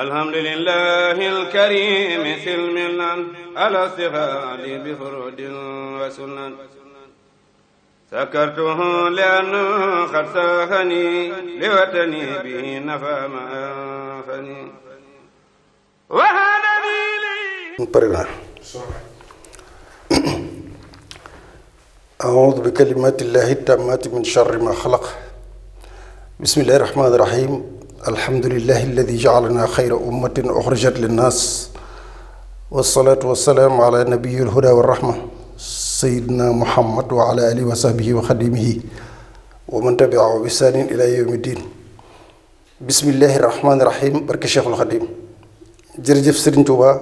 alhamdulillahi alkarimi silmilan ala sihadi bi furudin wa sunan sakartuhu liannu qad sahani liwatani bihi nafa ma anfani أعوذ بكلمات الله التامات من شر ما خلق بسم الله الرحمن الرحيم alhamdulillahi alladi jaalana xayra ummatin uxrijat linnaas wasalaatu wasalaamu ala nabiyi alhuda wa rahma sayidina muhammad wa ala alihi wa sahbihi wa xadimihi wa man ila yowmi diin bismillahi rahmaani rahim barke cheikhul xadim jërëjëf Serigne Touba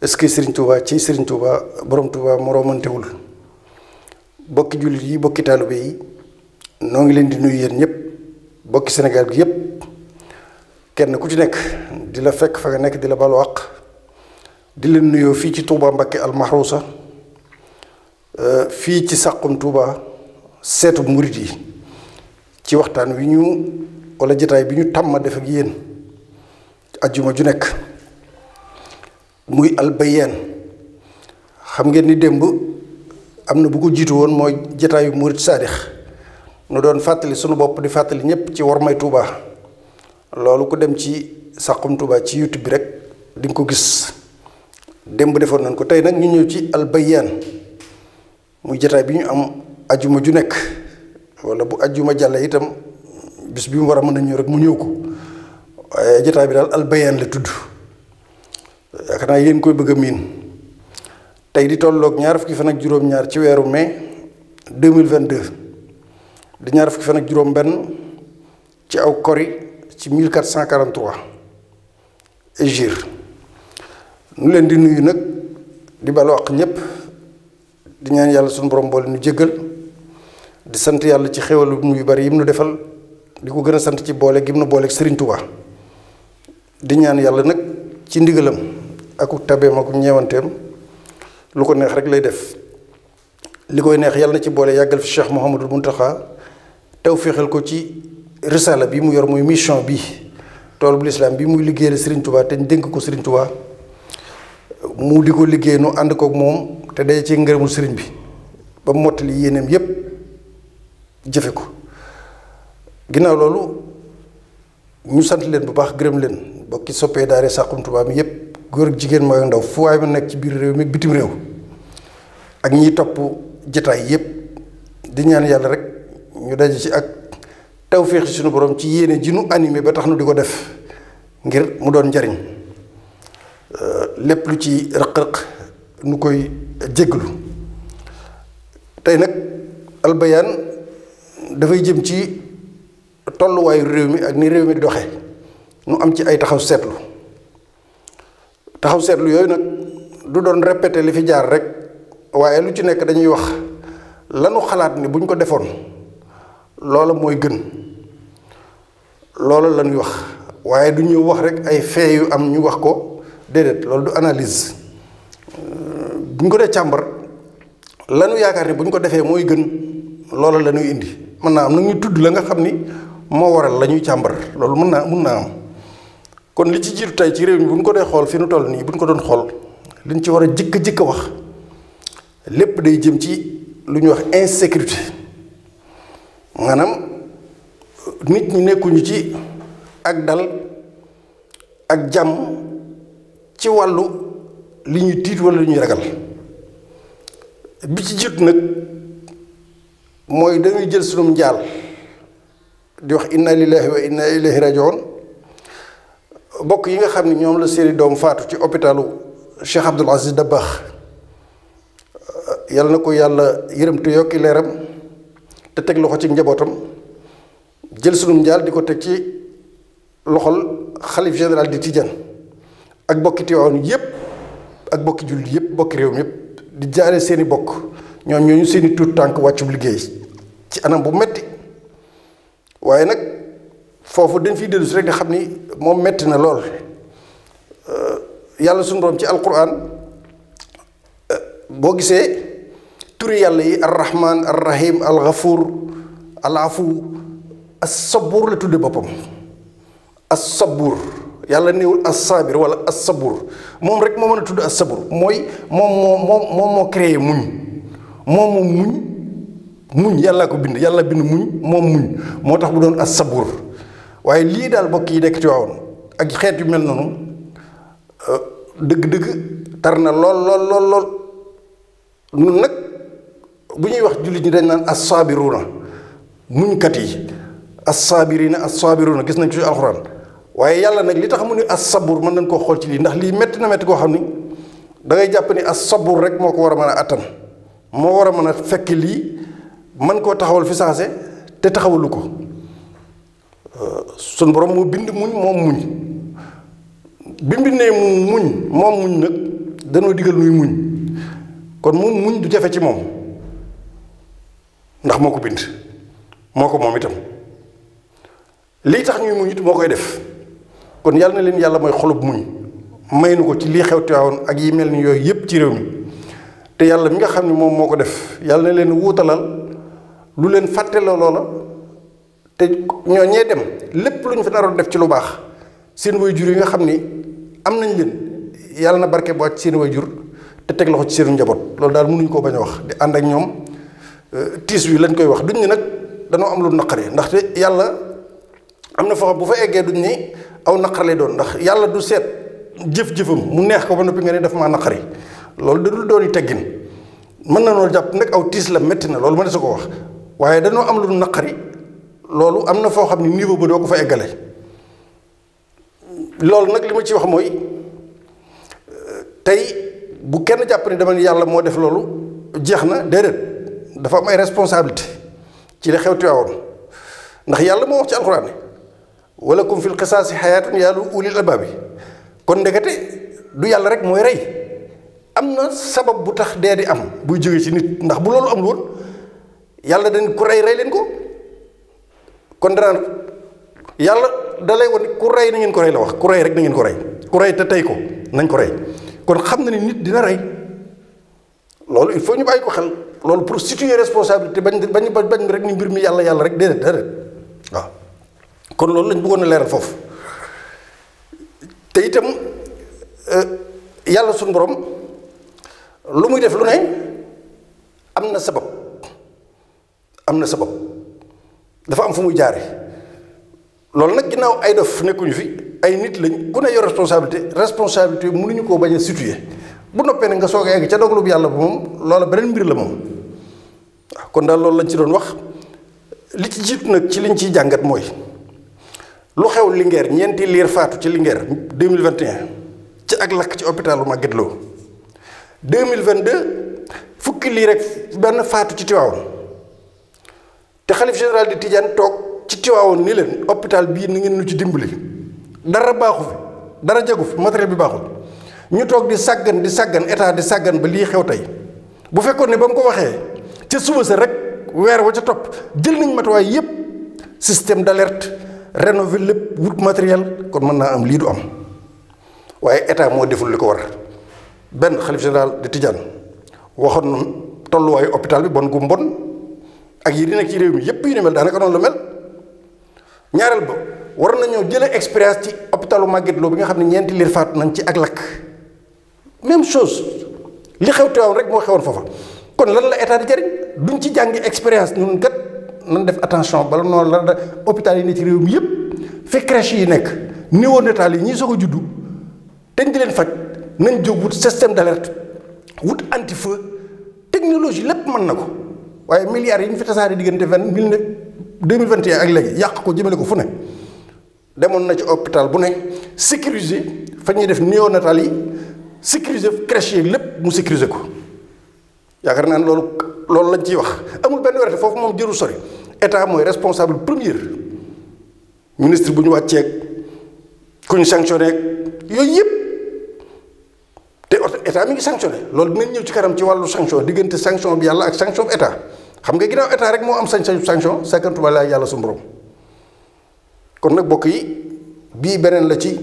est-ce que Serigne Touba ci Serigne Touba borom Touba moroomantewul bokki jullit yi bokki taalibe yi noo ngi leen di nuyu yéen ñëpp bokki Sénégal gi yëpp kenn ku ci nekk di la fekk fa nga nekk di la balu àq di leen nuyoo fii ci Touba Mbacké almaxruusa euh, fii ci Saxum tuubaa seetu murit yi ci waxtaan wi ñu walla jataay bi ñu tàmm def ak yéen ajjuma ju nekk muy albayeen xam ngeen ni démb am na bu ko jiitu woon mooy jataayu murit saadix nu doon fàttali sunu bopp di fàttali ñépp ci war may tuubaa loolu ku dem ci Saxum Touba ci YouTube bi rek di ko gis démb defoon nañ ko tey nag ñu ñëw ci albayaan muy jataay bi ñu am ajuma ju nekk walla bu ajuma jàlle itam bis bi mu war a mën na ñëw rek mu ñëw ko waaye jataay bi daal albayaan la tudd yaakaar naa koy bëgg a miin tey di tolloog ñaar fukki fan ak juróom-ñaar ci weeru mai 2022 di ñaar fukki fan ak juróom-benn ci aw kori ci 1443 Égir nu leen di nuyu nag di balu àq ñépp di ñaan yàlla suñu borom boole nu jéggal di sant yàlla ci xéwalu nuyu bari yim nu defal di ko gën a sant ci boole gim nu booleeg Serigne Touba di ñaan yàlla nag ci ndigalam aku tabeem aku ñeewanteem lu ko neex rek lay def li koy neex yàlla na ci boole yàggal fi Cheikh Mouhamadul Mountakha taw féexal ko ci risala bi mu yor muy mission bi tool bu lislaam bi muy liggéeyal Serigne Touba te ñu dénk ko Serigne Touba mu di ko liggéey nu ànd kook moom te day ci ngërëmul Serigne bi ba mottali yéeneem yépp jëfe ko ginnaaw loolu ñu sant leen bu baax gërëm leen bokki soppee daare Saxum Touba mi yépp góor ak jigéen mooy ndaw fu waay ma nekk ci biir réew mi bitim réew ak ñi topp jataay yépp di ñaan yàlla rek ñu daje ci ak tew ci suñu boroom ci yéene ji nu animé ba tax nu di ko def ngir mu doon njariñ euh, lépp lu ci rëq-rëq nu koy jégglu tey nag albayaan dafay jëm ci tolluwaayu réew mi ak ni réew mi di doxe nu am ci ay taxaw seetlu taxaw seetlu yooyu nag du doon répété li fi jaar rek waaye lu ci nekk dañuy wax lanu xalaat ni buñ ko defoon loola mooy gën loola la ñuy wax waaye du ñu wax rek ay fee yu am ñu wax ko déedéet loolu du analyse bu ñu ko dee càmbar lanu yaakaar ni bu ñu ko defee mooy gën loola la ñuy indi mën naa am nag ñu tudd la nga xam ni moo waral la ñuy càmbar loolu mën naa mën naa am kon li ci jiitu tey ci réew mi bu ñu ko dee xool fi nu toll nii bu ñu ko doon xool liñ ci war a jëkk jëkk wax lépp day jëm ci lu ñuy wax insécurité maanaam nit ñi nekkuñu ci ak dal ak jàmm ci wàllu li ñuy tiit walla li ñuy ragal bi ci jiitu nag mooy dañuy jël sunum njaal di wax inna lillahi wa bokk yi nga xam ne ñoom la seeni doomu faatu ci hôpitalu Cheikh Abdoul Aziz Dabakh yàlla na ko yàlla yërëm te yokki leeram te teg loxo ci njabootam jël sunum njaal di ko teg ci loxol xalif général di Tijaan ak bokki Tiwaawan yépp ak bokki jullit yépp bokki réew yépp di jaaree seeni bokk ñoom ñooñu seeni tuut tànk wàccu liggéey ci anam bu metti waaye nag foofu dañ fiy dellusi rek di xam ni moom metti na lool yàlla suñu borom ci alquran boo gisee turi yàlla yi arrahman arrahim alxafuur alafu asabur la tudde boppam asabur yàlla néewul asabir wala asabur moom rek moo mën a tudd asabur mooy moom moo moom moom moo créé ko bind yàlla bind muñ moom moo tax bu doon asabur waaye lii daal bokk yi nekk ci waawoon ak xeet yu mel noonu euh, dëgg-dëgg tar na lool lool lool lool nun nag bu ñuy wax jullit ñi dañ naan assaabiruuna muñkat yi assaabiriina na gis nañ ci alxuraan waaye yàlla nag li tax mu ne assabur mën nañ koo xool ci lii ndax lii métti na métti koo xam ni da ngay jàpp ni assabur rek moo ko war a mën a àttan moo war a mën a fekk lii man koo taxawal fi saase te taxawalu ko sun borom mu bind muñ moom muñ bi mu bindee mu muñ moom muñ nag danoo digal nuy muñ kon moom muñ du jafe ci moom. ndax moo ko bind moo ko moom itam lii tax ñuy muñ it moo koy def kon yàlla na leen yàlla mooy xolub muñ may nu ko ci lii xew teewoon ak yi mel ni yooyu yépp ci réew mi te yàlla mi nga xam ni moom moo ko def yàlla na leen wuutalal lu leen fàtteloo loola te ñoo ñee dem lépp lu ñu fa naroon def ci lu baax seen way jur yi nga xam ni am nañ leen yàlla na barke bu wàcc seen way jur te teg loxo ci seen njaboot loolu daal mënuñ koo bañ a wax di ànd ak ñoom tiis wi lañ koy wax duñ ni nag danoo am lu naqari ndaxte yàlla am na foo xam bu fa eggee duñ ni aw naqar lay doon ndax yàlla du seet jëf-jëfam mu neex ko ba noppi nga ne daf maa naqari loolu da dul doon teggin mën na noo jàpp nag aw tiis la métti na loolu ma ne su ko wax waaye danoo am lu naqari loolu am na foo xam ne niveau ba doo ko fa eggale loolu nag li ma ci wax mooy tey bu kenn jàpp ne dama yàlla moo def loolu jeex na déedéet dafa am ay responsabilité ci la xew Tiwaawan ndax yàlla moo wax ci alxuraan ne wala kum fil qisaasi xayaatun yàlla ulil albaab yi kon ndekete du yàlla rek mooy rey am na sabab bu tax dee di am buy jógee ci nit ndax bu loolu am woon yàlla dañ ku rey rey leen ko kon danaan yàlla da lay won ku rey na ngeen ko rey la wax ku rey rek na ngeen ko rey ku te tey ko nañ ko rey kon xam na ni nit dina rey loolu il faut ñu bàyyi ko xel. loolu pour situer responsabilité bañ bañ bañ rek ni mbir mi yàlla yàlla rek déedéet déedéet waaw kon loolu lañ bëggoon a leeral foofu te itam euh, yàlla suñu borom lu muy def lu ne am na sabab am na sabab dafa am fu muy jaare loolu nag ginnaaw ay dof nekkuñu fi ay nit lañ ku ne yor responsabilité responsabilité mënuñu koo bañ a situer bu noppee nag nga soog a egg ca dogalub yàlla ba moom loola beneen mbir la moom waaw kon daal loolu lañ ci doon wax li ci jiitu nag ci liñ ciy jàngat mooy lu xew Linguère ñeenti liir faatu ci Linguère 2021 ci ak lakk ci hôpitalu Magatte Lô 2022 fukki lii rek benn faatu ci Tivaouane te xalif général di Tidiane toog ci Tivaouane ni leen hôpital bii ni ngeen nu ci dimbali dara baaxu fi dara jagu fi matériel bi baaxul ñu toog di sàggan di sàggan état di sàggan ba lii xew tey bu fekkoon ne ba mu ko waxee ca suba sa rek weer wa ca topp jël nañ matuwaay yépp système d'alerte rénover lépp wut matériel kon mën naa am lii du am waaye état moo deful li ko war benn xalif général de Tidiane waxoon na tolluwaayu hôpital bi bon gu mbon ak yi di nekk ci réew mi yépp yu ne mel daanaka noonu la mel ñaareel ba war nañoo jëlee expérience ci hôpitalu Magatte Lô bi nga xam ne ñeenti liir faatu nañ ci ak lakk même chose li xew Tiwaawan rek moo xewoon foofa kon lan la état di jariñ duñ ci jàngi expérience ñun kat nan def attention bala noonu la da hôpital yi ne ci réew mi yëpp fi crèche yi nekk néonatal yi ñu soog a juddu te di leen faj nañ jóg wut système d'alerte wut anti feu lépp mën na ko waaye milliards yi ñu fi tasaare diggante vingt mille ne deux mille vingt et un ak léegi yàq ko jëmale ko fu ne demoon na ci hôpital bu ne sécuriser fa ñuy def néonatal yi. sécuriser crèche yeeg lépp mu sécuriser ko yaakaar naa ne loolu loolu lañ ciy wax amul benn werante foofu moom jëru sori état mooy responsable premier ministre bu ñu wàcceeg ku ñu sanctionné yooyu yëpp te état mi ngi sanctionné loolu dinañ ñëw ci kanam ci wàllu sanction diggante sanction bi yàlla ak sanction bi état xam nga ginnaaw état rek moo am sañ-sañ sanction sakkantuma laa yàlla su borom kon nag bokk yi bii beneen la ci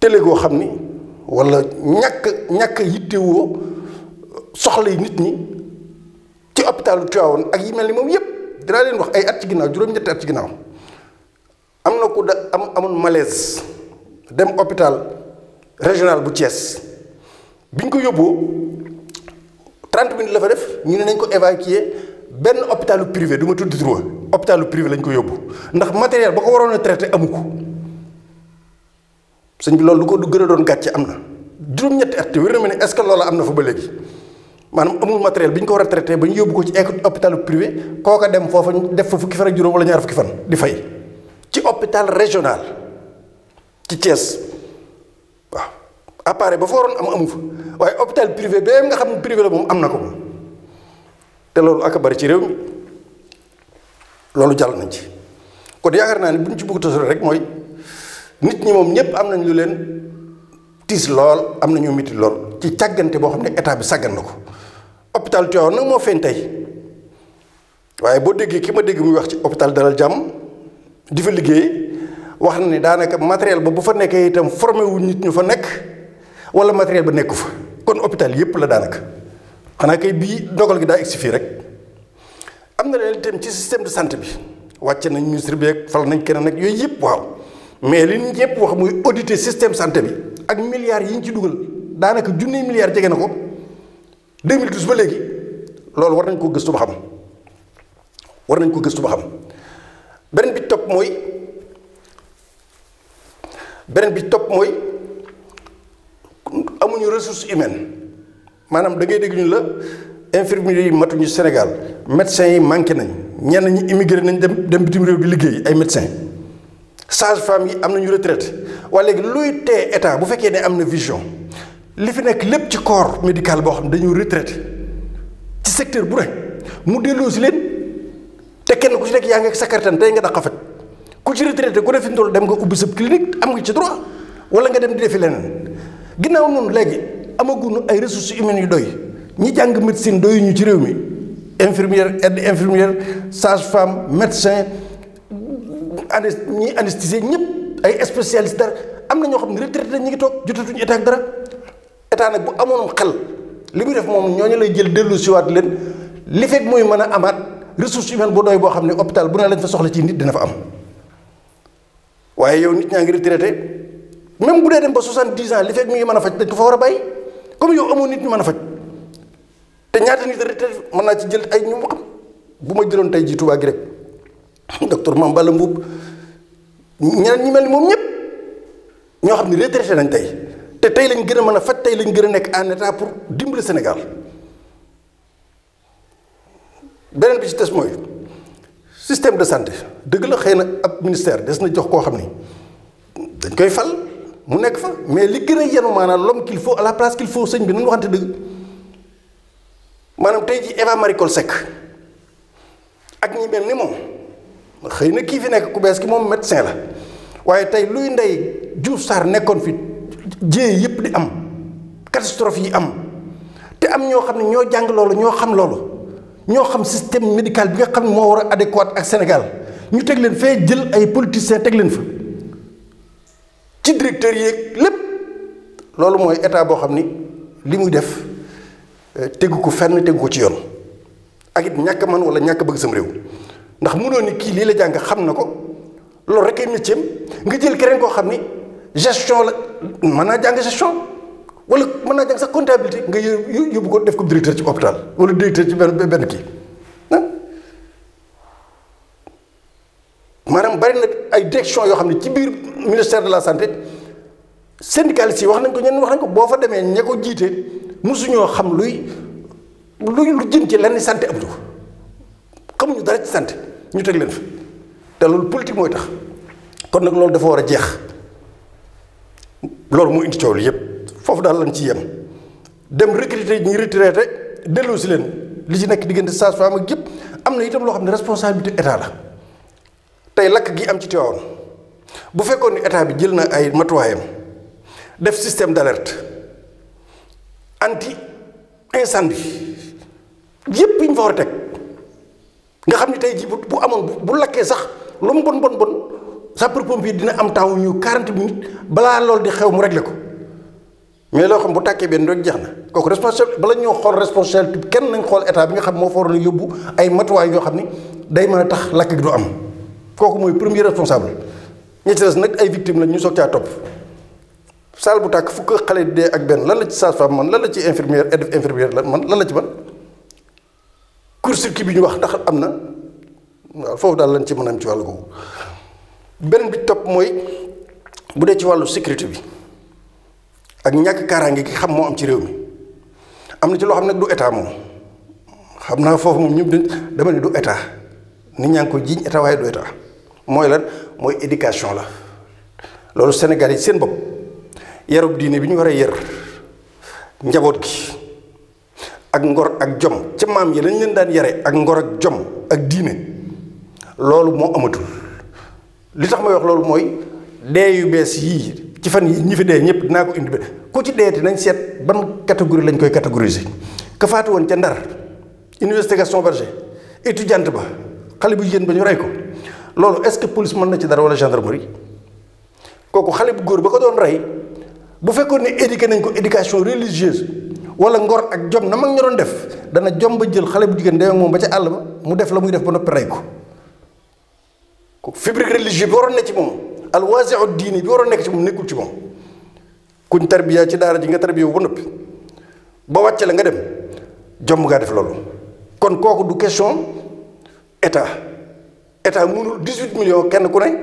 télé goo xam ni. wala ñàkk ñàkk yittewoo soxla yi nit ñi ci hôpitalu Tivaouane ak yi mel ni moom yépp dinaa leen wax ay at ci ginnaaw juróom-ñetti at ci ginnaaw am na ku da am amoon malaise dem hôpital régional bu cees bi ñu ko yóbboo 30 minutes la def ñu ne nañ ko évacuer benn hôpitalu privé du ma tudd droit hôpitalu privé lañ ko yóbbu ndax matériel ba ko waroon a traité amu ko. sëñ bi loolu lu ko du gën a doon gàcce am na juróom-ñetti at wér na ma ne est-ce am na fa ba léegi maanaam amul matériel bi ñu ko war a traité ba ñu yóbbu ko ci hôpital privé kooka dem foofa ñu def fa fukki fan ak juróom wala ñaar fukki fan di fay ci hôpital régional ci Thiès waaw appareil ba fa am amu fa waaye hôpital privé bee nga xam ne la moom am na ko te loolu ak bari ci réew mi loolu jàll nañ ci kon yaakaar naa ne bu ñu ci bëgg a rek mooy. nit ñi moom ñëpp am nañ lu leen tiis lool am na ñu métti lool ci càggante boo xam ne état bi sàggan na ko hôpital Tivaouane nag moo feeñ tey waaye boo déggee ki ma dégg muy wax ci hôpital Dalal Jàmm di fa liggéey wax na ni daanaka matériel ba bu fa nekkee itam formé wu nit ñu fa nekk wala matériel ba nekku fa kon hôpital yépp la daanaka xanaa kay bii dogal gi daa egsi fii rek am na leen itam ci système de sant bi wàcce nañ ministre bi ak fal nañ keneen ak yooyu yëpp waaw. mais li ñu ñëpp wax muy auditer système santé bi ak milliards yi ñu ci dugal daanaka junniy milliards jege na ko 2012 ba léegi loolu war nañ koo gëstu ba xam war nañ ko gëstu ba beneen bi topp mooy beneen bi topp mooy amuñu ressource humaine maanaam da ngay dégg ñu la infirmiers yi matuñu Sénégal médecins yi manqué nañ ñenn ñi immigré nañ dem dem bitim réew di liggéey ay médecins. sage femme yi am nañu retraite waaye léegi luy tee état bu fekkee ne am na vision li fi nekk lépp ci corps médical boo xam ne dañu retraite ci secteur bu rek mu delloo si leen te kenn ku ci nekk yaa ngi ak sa kàttan tey nga daq faj ku ci retraité ku ne toll dem nga ubbi sab clinique am nga ci droit wala nga dem di defi leneen ginnaaw noonu léegi amaguñu ay ressources humaines yu doy ñi jàng médecine ñu ci réew mi infirmière aide infirmière sage femme médecin anes ñi anesthésié ñëpp ay spécialiste dara am na ñoo xam ne retraité ñi ngi toog jotatuñu état ak dara état nag bu amoon xel li muy def moom ñoo ñu lay jël dellu siwaat leen li fekk muy mën a amaat ressource humaine bu doy boo xam ne hôpital bu ne lañ fa soxla ci nit dina am waaye yow nit ñaa ngi retraité même bu dee dem ba soixante-dix ans li fekk mu mën a faj dañ ko fa war a bàyyi comme yow amoo nit ñu mën a faj te ñaata nit retraité mën naa ci jël ay ñu mu xam bu ma jëloon tey ji Tuubaa rek docteur Mame bala Mboup ñeneen ñi mel ni moom ñëpp ñoo xam ne retraité nañ tey te tey lañ gën a mën a faj tey lañ gën a nekk en état pour dimbali Sénégal beneen bi ci des mooy système de santé dëgg la xëy na ab ministère des na jox koo xam ni dañ koy fal mu nekk fa mais li gën a yenu maanaam l'homme qu'il faut à la place qu'il faut sëñ bi nañ waxante dëgg maanaam tey ji Eva Marie Coll Seck ak ñi mel ni moom. xëy na kii fi nekk ku bees ki moom médecin la waaye tey luy ndey Diouf saar nekkoon fi jéey yëpp di am catastrophe yi am te am ñoo xam ne ñoo jàng loolu ñoo xam loolu ñoo xam système médical bi nga xam ne moo war a adéquat ak Sénégal ñu teg leen fee jël ay politiciens teg leen fa ci directeur yeeg lépp loolu mooy état boo xam ni li muy def euh, tegu ko fenn tegu ko ci yoon ak it ñàkk man wala ñàkk bëgg sam réew ndax mënoo ni kii lii la jàng xam na ko loolu rek ay métier nga jël keneen koo xam ni gestion la mën naa jàng gestion wala mën naa jàng sa comptabilité nga yóbbu ko def ko directeur ci hôpital wala directeur ci benn benn kii ah. maanaam bari na ay direction yoo xam ne ci biir ministère de la santé syndicalistes yi wax nañ ko ñenn wax nañ ko boo fa demee ñee ko jiite mosuñoo xam luy lu jëm ci lenn santé abdu xamuñu dara ci santé ñu teg leen fa te loolu politique mooy tax kon nag loolu dafa war a jeex loolu moo indi coow li yëpp foofu daal lañ ci yem dem recruter ñi retraité delloo si leen li ci nekk diggante sage-femme ak yëpp am na itam loo xam ne responsabilité état la tey lakk gi am ci Tivaouane bu fekkoon ni état bi jël na ay matuwaayam def système d'alerte anti incendie yëpp yi ñu fa war a teg. nga xam ne tey ji bu bu amoon bu lakkee sax lu mu bon bon bon sapeur pompier dina am taw ñu 40 minutes balaa loolu di xew mu réglé ko mais loo xam bu tàkkee benn rek jeex na kooku responsable bala ñoo xool responsabilité kenn nañ xool état bi nga xam moo fa waroon a yóbbu ay matuwaay yoo xam ni day mën a tax lakk gi du am kooku mooy premier responsable ñi ci des nag ay victimes lañ ñu soog caa topp. saal bu tàkk fukk xale dee ak benn la ci sage man lan la ci infirmière aide infirmière la man lan la ci man. court-circuit bi ñu wax ndax am na waaw foofu daal lañ ci mën ci wàllu googu beneen bi topp mooy bu dee ci wàllu sécurité bi ak ñàkk kaaraange gi xam moo am ci réew mi am na ci loo xam ne du état moom xam naa foofu moom ñëpp dama ne du état nit ñaa ngi jiiñ état waaye du état mooy lan mooy éducation la loolu Sénégal yi seen bopp yarub diine bi ñu war a yar njaboot gi ak ngor ak jom ca maam yi lañ leen daan yare ak ngor ak jom ak diine loolu moo amatul li tax may wax loolu mooy dee yu bees yii ci fan yi ñi fi dee ñëpp dinaa ko indi ku ci deeti nañ seet ban catégorie lañ koy catégorise ka woon ca Ndar université Gaston Berger étudiante ba xale bu jigéen ba ñu rey ko loolu est-ce que police mën na ci dara wala gendarmerie kooku xale bu góor ba ko doon rey bu fekkoon ne éduqué nañ ko éducation religieuse wala ngor ak jom na mag ñoroon def dana jom ba jël xale bu jigéen dem moom ba ca àll ba mu def la muy def ba noppi rey ko fibrique religieux bi waroon ne ci moom alwaasiu diini bi waroon nekk ci moom nekkul ci moom kuñ tarbiya ci daara ji nga tarbiya ba noppi ba wàcce la nga dem jom ngaa def loolu kon kooku du question état état mënul 18 millions kenn ku ne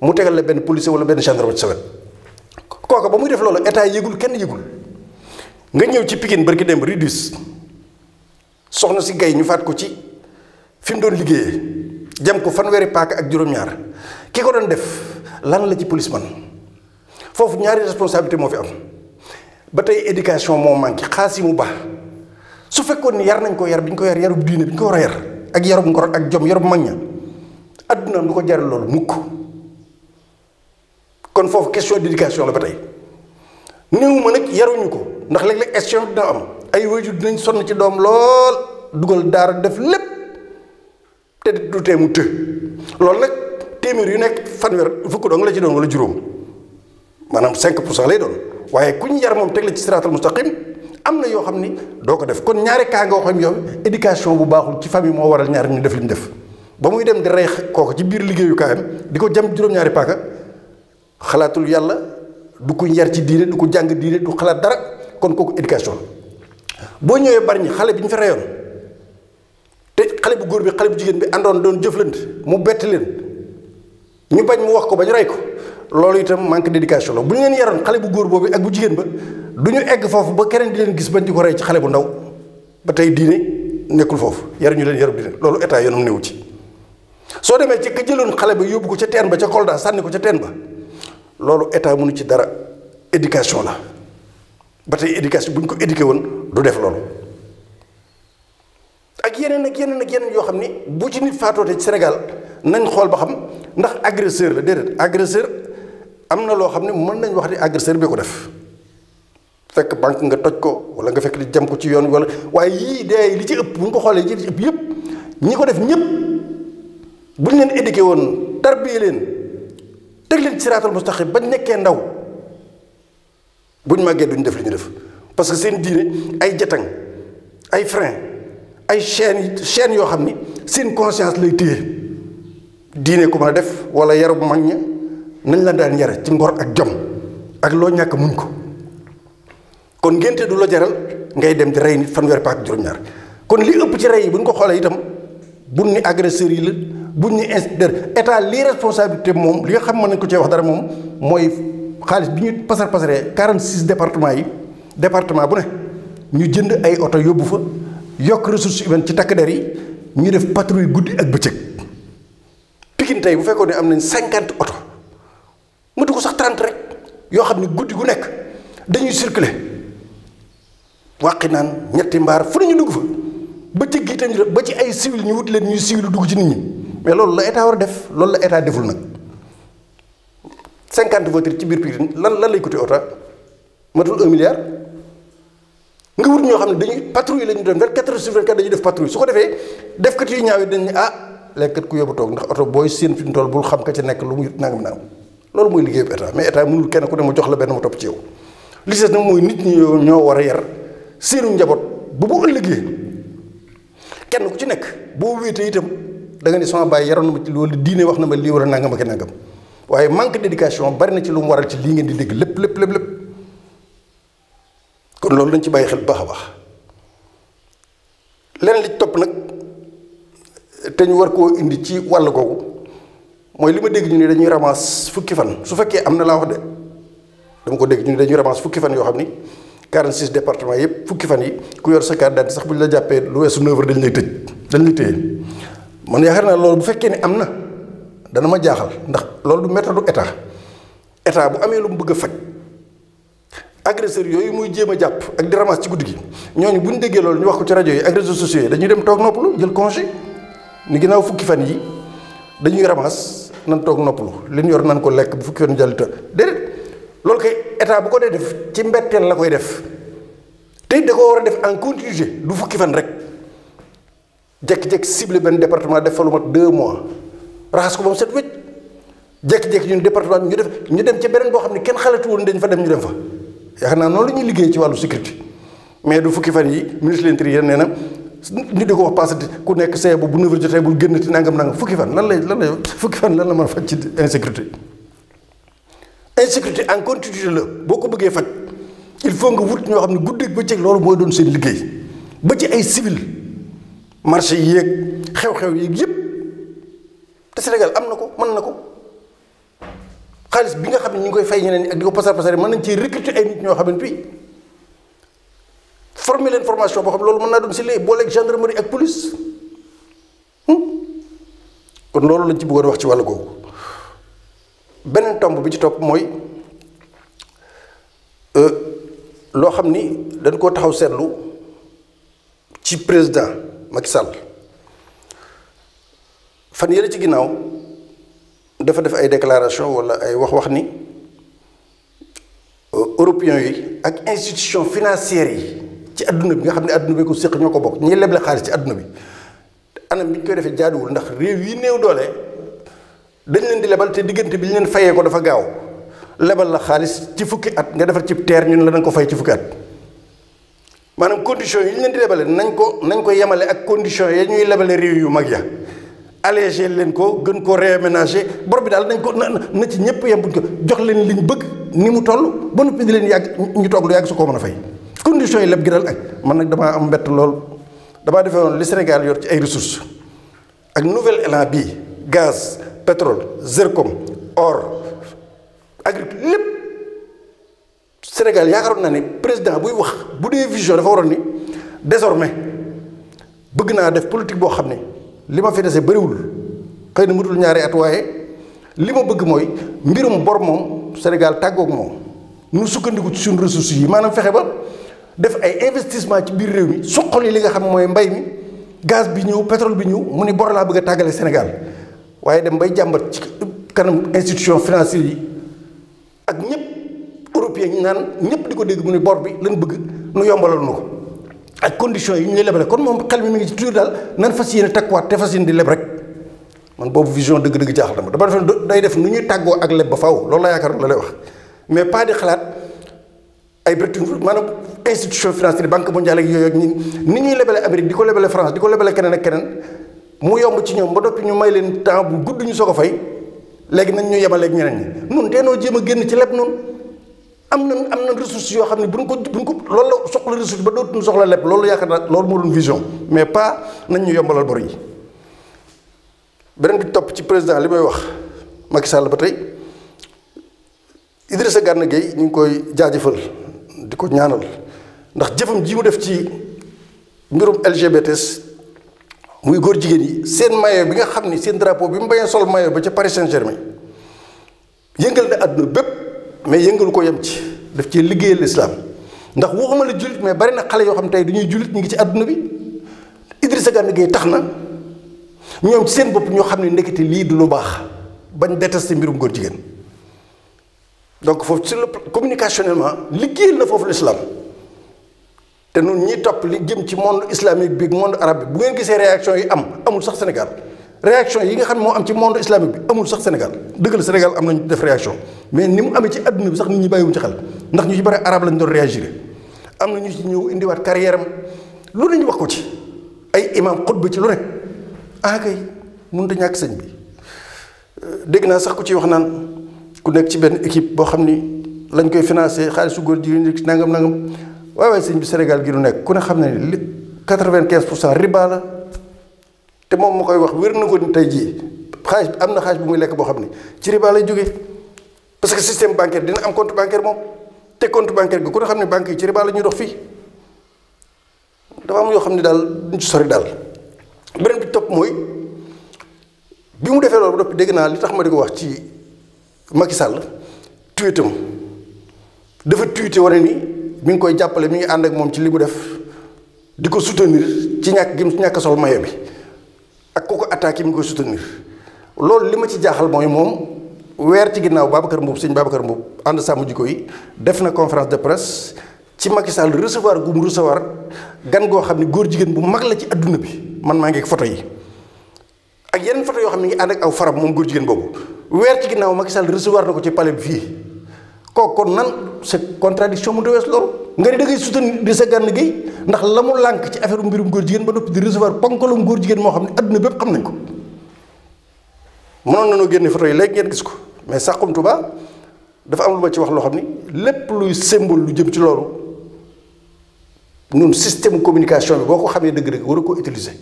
mu tegal la benn policier wala benn gendarme ci sa wet kooku ba muy def loolu état yëgul kenn yëgul nga ñëw ci Pikine barki dem ridus soxna si gay ñu faat ko ci fi mu doon liggéeyee jam ko fanweeri paaka ak juróom-ñaar ki ko doon def lan la ci police man foofu ñaari responsabilité moo fi am ba tey éducation moo manqué xaas yi mu baax su fekkoon ni yar nañ ko yar bi ñu ko yar yarub diine bi ñu ko war a yar ak yarub ngor ak jom yarub mag ña àdduna lu ko jaral loolu mukk kon foofu question d'éducation la ba tey néew ma nag yaruñu ko ndax léeg-léeg échéance dina am ay waajur dinañ sonn ci doom lool dugal daara def lépp te du tee të loolu nag téeméer yu nekk fanweer fukk dong la ci doon wala juróom maanaam 5 pour cent lay doon waaye ku ñu yar moom teg la ci siraatal mustaqim am na yoo xam ni doo ko def kon ñaari kaa nga xam yow éducation bu baaxul ci famille moo waral ñaari ñu def li ñu def ba muy dem di rey kooku ci biir liggéeyukaayam di ko jam juróom-ñaari paaka xalaatul yàlla du yar ci diine du ko jàng diine du xalaat dara. kon kooku éducation boo ñëwee bari ñi xale bi ñu fi reyoon te xale bu góor bi xale bu jigéen bi àndoon doon jëflante mu bett leen ñu bañ mu wax ko bañ ñu rey ko loolu itam manque d'éducation la bu ñu leen yaroon xale bu góor boobu ak bu jigéen ba du ñu egg foofu ba keneen di leen gis bañ di ko rey ci xale bu ndaw ba tey diine nekkul foofu ñu leen yarub diine loolu état yoonam néewu ci soo demee ci ka jëloon xale ba yóbbu ko ca teen ba ca Kolda sànni ko ca teen ba loolu état mënu ci dara éducation la ba tey éducation bu ñu ko éduqué woon du def loolu ak yeneen ak yeneen ak yeneen yoo xam ni bu ci nit faatootee ci Sénégal nañ xool ba xam ndax agresseur la déedéet agresseur am na loo xam ne mën nañ wax ni agresseur bi ko def fekk banque nga toj ko wala nga fekk di jam ko ci yoon wala waaye yii dee li ci ëpp bu ñu ko xoolee li ci ëpp yëpp ñi ko def ñëpp bu ñu leen éduqué woon tarbiyé leen teg leen ci siraatal mustaqim ba nekkee ndaw buñ màggee duñ def li ñu def parce que seen diine ay jatan ay frein ay chaîne chaîne yoo xam ni seen conscience lay téye diine ku ma a def wala yaru mag ña nañ la daan yare ci ngor ak jom ak loo ñàkk muñ ko kon ngénte du la jaral ngay dem di rey nit fanweer paak juróom-ñaar kon li ëpp ci rey yi bu ñu ko xoolee itam buñ ni agresseurs yi la buñ ni incident état li responsabilité moom li nga xam ma nañ ko cee wax dara moom mooy xaalis bi ñu pasar pasaree 46 départements yi département bu ne ñu jënd ay oto yóbbu fa yokk ressources humaines ci takk der yi ñu def patrouille guddi ak bëccëg Pikine tey bu fekkoon ne am nañ 50 oto mëtu ko sax 30 rek yoo xam ne guddi gu nekk dañuy circuler wàqi naan ñetti mbaar fu ne ñu dugg fa bëccëg gi itam ba ci ay civil ñu wut leen ñuy civil dugg ci nit ñi mais loolu la état war a def loolu la état deful nag. cinquante voitures ci biir Pikine lan lan lay coûté oto matul un milliard nga wut ñoo xam ne dañuy patrouille la ñu doon vingt quatre heures sur vingt quatre dañuy def patrouille su ko defee def kat yu ñaaw yi dañ ne ah lekkat ku yóbbu toog ndax oto booy seen fi mu toll bul xam ka ci nekk lu muy nangam nangam loolu mooy liggéey bu état mais état mënul kenn ku ne mu jox la benn mu topp ci yow li nag mooy nit ñi ñoo war a yar seenu njaboot bu bu ëllëgee kenn ku ci nekk boo wéetee itam da nga ne sama baay yaroon ci loolu diine wax na ma lii wala nangam ak nangam. waaye manque d'éducation bari na ci lu mu waral ci lii ngeen di dégg lépp lépp lépp lépp kon loolu dañu ci bàyyi xel baax a baax leneen li topp nag te ñu war koo indi ci wàll kooku mooy li ma dégg ñu ne dañuy ramasse fukki fan su fekkee am na laa wax de dama ko dégg ñu ne dañuy ramasse fukki fan yoo xam ni 46 départements yëpp fukki fan yi ku yor sa carte d'identité sax bu ñu la jàppee lu weesu 9 dañ lay tëj dañ lay téye man yaakaar naa loolu bu fekkee ne am na. dana ma jaaxal ndax loolu du méthode état état bu amee lu mu bëgg a faj agresseur yooyu muy jéem a jàpp ak di ramas ci guddi gi ñooñu bu ñu déggee loolu ñu wax ko ci rajo yi ak réseaux sociaux yi dañuy dem toog noppalu jël congé ni ginnaaw fukki fan yi dañuy ramas nan toog noppalu li ñu yor nan ko lekk bu fukki fan jàll te déedéet loolu kay état bu ko dee def ci mbetteel la koy def tey da ko war a def en continu du fukki fan rek jekk-jekk ciblé benn département def mat deux mois. raxas ko moom set wécc jékki-jékki ñun département bi ñu def ñu dem ci beneen boo xam ne kenn xalatu woon dañ fa dem ñu dem fa yaakaar naa noonu la liggéey ci wàllu sécurité mais du fukki fan yi ministre de l'intérieur nee na ñu di ko wax passé ku nekk see bu bu neuf heures jotee bul génn ci nangam nangam fukki fan lan lay lan lay fukki fan lan la mën a faj ci insécurité insécurité en continu la boo ko bëggee faj il faut nga wut ñoo xam ne guddeeg bëccëg loolu mooy doon seen liggéey ba ci ay civil marché yi yeeg xew-xew yeeg yëpp te Sénégal am na ko mën na ko xaalis bi nga xam ne ñu ngi koy fay ñeneen ak di ko pasar pasare mën nañ ci recruter ay nit ñoo xam ne bii leen formation boo xam loolu mën naa doon si léegi booleeg gendarmerie ak police hmm? kon loolu lañ ci bëggoon wax ci walla googu beneen tomb bi ci topp mooy euh, loo xam ni dañ koo taxaw seetlu ci président Macky Sall fan yële ci ginnaaw dafa def ay déclaration wala ay wax-wax ni euh, européens yi ak institution financières yi ci adduna bi nga xam ne adduna bi ko séq ñoo ko bokk ñi leble xaalis ci adduna bi anam bi ñu koy defee jaaduwul ndax réew yi néew doole dañ leen di lebal te diggante bi ñu leen fayee ko dafa gaaw lebal la xaalis ci fukki at nga defar ci teer ñun la dañ ko fay ci fukki at maanaam condition yi ñu leen di lebale nañ ko nañ ko yemale ak condition ya ñuy lebale réew yu mag ya allégé leen ko gën koo réaménager bor bi daal nañ ko na na ci ñëpp yem ko jox leen liñ bëgg ni mu toll ba noppi di leen yàgg ñu toog lu yàgg su ko mën a fay conditions yi lépp gënal ak man nag damaa am mbett lool damaa defee woon li Sénégal yor ci ay ressources ak nouvel élan bii gaz pétrole zircon or agriculture lépp Sénégal yaakaaroon naa ne président buy wax bu dee vision dafa waroon ni désormais bëgg naa def politique boo xam ne. li ma fi dese bëriwul xëy na mutul ñaari at waaye li ma bëgg mooy mbirum bor moom Sénégal tàggoog moom nu sukkandiku ci suñu ressources yi maanaam fexe ba def ay investissement ci biir réew mi suqali li nga xam mooy mbay mi gaz bi ñëw pétrole bi ñëw mu ni bor laa bëgg a tàggale Sénégal waaye dem bay jàmbat ci kanam institution financière yi ak ñëpp européen ñi naan ñëpp di ko dégg mu ni bor bi lañ bëgg nu yombalal na ko ak condition yi ñu lay lebale kon moom xel mi mi ngi ci toujours daal nan fas yéene takkuwaat te fas yéene di leb rek man boobu vision dëgg-dëgg jaaxal na ma dama defe day def nu ñuy tàggoo ak leb ba faaw loolu la yaakaar la lay wax mais pas di xalaat ay bretu maanaam institution financière banque mondiale ak yooyu ak ñi ni ñuy lebale Amérique di ko lebale France di ko lebale keneen ak keneen mu yomb ci ñoom ba doppi ñu may leen temps bu gudd ñu soog a fay léegi nañ ñu yemaleeg ñeneen ñi nun teenoo jéem a génn ci leb noonu am na am na ressource yoo xam ne buñ ko buñ ko loolu la soxla ressource ba dootuñu soxla lépp loolu yaakaar naa loolu moo doon vision mais pas nañ ñu yombalal bor yi beneen bi topp ci président li may wax Macky Sall ba tey Idrissa gànn Gueye ñu ngi koy jaajëfal di ko ñaanal ndax jëfam ji mu def ci mbirum LGBTs muy góor jigéen yi seen maillot bi nga xam ni seen drapeau bi mu bañee sol maillot ba ca Paris Saint-Germain yëngal na àdduna bépp. mais yëngalu ko yem ci daf ci liggéeyal lislaam ndax waxuma la jullit mais bari na xale yoo xam tey du ñuy jullit ñu ngi ci àdduna bi Idrissa Gana Gueye tax na ñoom ci seen bopp ñoo xam ne ndekete lii du lu baax bañ détesté mbirum góor jigéen donc foofu sur le communicationnellement liggéeyal na foofu lislaam te ñun ñiy topp li jëm ci monde islamique bi monde arabe bi bu ngeen gisee réaction yi am amul sax Sénégal réaction yi nga xam ne moo am ci monde islamique bi sax Sénégal dëgg la am nañu def mais ni mu amee ci adduna bi sax nit ñi bàyyiwuñ ci xel ndax ñu ci bari arab lañ doon réagir am na ñu ci ñëw indiwaat carrière am lu nañu wax ko ay imam xutba ci lu nekk ah kay mënut a ñàkk sëñ bi euh, dégg naa sax ku ci wax naan ku nekk ci benn équipe boo xam ni lañ koy financé xaalisu góor jigéen ñi nangam nangam waaye waaye sëñ bi Sénégal gi du nekk ku ne xam ne li quatre-vingt-quinze pour cent riba la te moom ma koy wax wér na ko ni tey jii xaalis am na xaalis bu muy lekk boo xam ni ci riba lay jógee. parce que système bancaire dina am compte bancaire moom te compte bancaire bi ku ne xam ne banque yi ci riba la ñuy dox fii dafa am yoo xam ne daal duñ ci sore daal beneen bi topp mooy bi mu defee loolu ba dégg naa li tax ma di ko wax ci Macky Sall tuitam dafa tuite wane ni mi ngi koy jàppale mi ngi ànd ak moom ci li mu def di ko soutenir ci ñàkk gi ñàkk sol mayo bi ak ku attaque yi mu ngi koy soutenir loolu li ma ci jaaxal mooy moom. weer ci ginnaaw Babacar Mbuub sëñ Babacar Mbuub ànd sàmm jikko yi def na conférence de presse ci Macky Sall recevoir gu mu recevoir gan goo xam ne góor jigéen bu mag la ci adduna bi man maa ngi photo yi ak yeneen foto yoo xam ne ngi ànd ak moom góor jigéen boobu weer ci ginnaaw Macky Sall recevoir na ko ci palais bi fii kooku kon nan c'est contradiction mu dewees loolu nga ni da ngay soutenir di sa gànn gi ndax la mu lànk ci affaire mbirum góor jigéen ba noppi di recevoir ponkalum góor jigéen moo xam ne adduna bépp xam nañ ko mënoon nañoo génne photo yi léegi ngeen gis ko mais Saxum ba dafa am lu ma ci wax loo xam ni lépp luy symbole lu jëm ci loolu ñun système communication bi boo ko xamee dëgg-dëgg war a ko utiliser.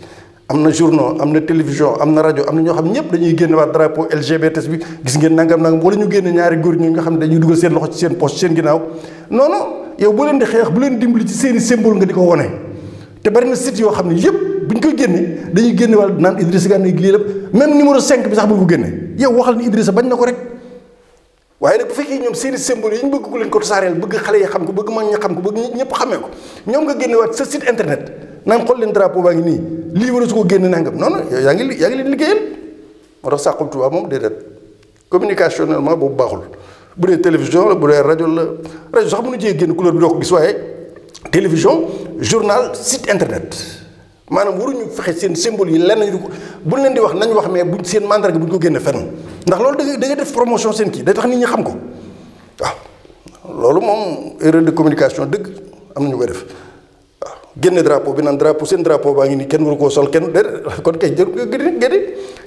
am na journaux am na télévision am na rajo am na ñoo xam ñëpp dañuy génn waa drapeau LGBT bi gis ngeen nangam nangam wala ñu génn ñaari góor ñi nga xam ne dañuy dugal seen loxo ci seen poche seen ginnaaw non non yow bu leen di xeex bu leen dimbali ci seen i nga di ko wone te bari na site yoo xam ne yëpp. bi ñu koy génnee dañuy génne wala naan Idrissa Gana lii lépp même numéro bi sax bu ñu ko génnee yow waxal ni Idrissa bañ na ko rek waaye nag bu fekkee ñoom seeni symbole yi ñu leen ko tasaareel bëgg xale yi xam ko bëgg mag ñi xam ko bëgg ñëpp xamee ko ñoom nga génnewaat sa site internet naan xool leen drapeau baa ngi nii lii war a su ko génne nangam non non yaa ngi yaa ngi leen liggéeyal moo tax Saxum Touba moom déedéet communicationnellement boobu baaxul bu dee télévision la bu dee rajo la rajo sax mënu cee génn couleur bi doo ko gis waaye télévision journal site internet maanaam ñu fexe seen symbole yi lenn ñu ko buñ leen di wax nañu wax mais buñ seen mandarga buñ ko génne fenn ndax loolu da ngay da ngay def promotion seen kii day tax nit ñi xam ko waaw. loolu moom erreur de communication dëgg am na ñu koy def waaw génne drapeau bi naan drapeau seen drapeau baa ngi nii kenn waru koo sol kenn déedéet kon kay jël gëdi gëdi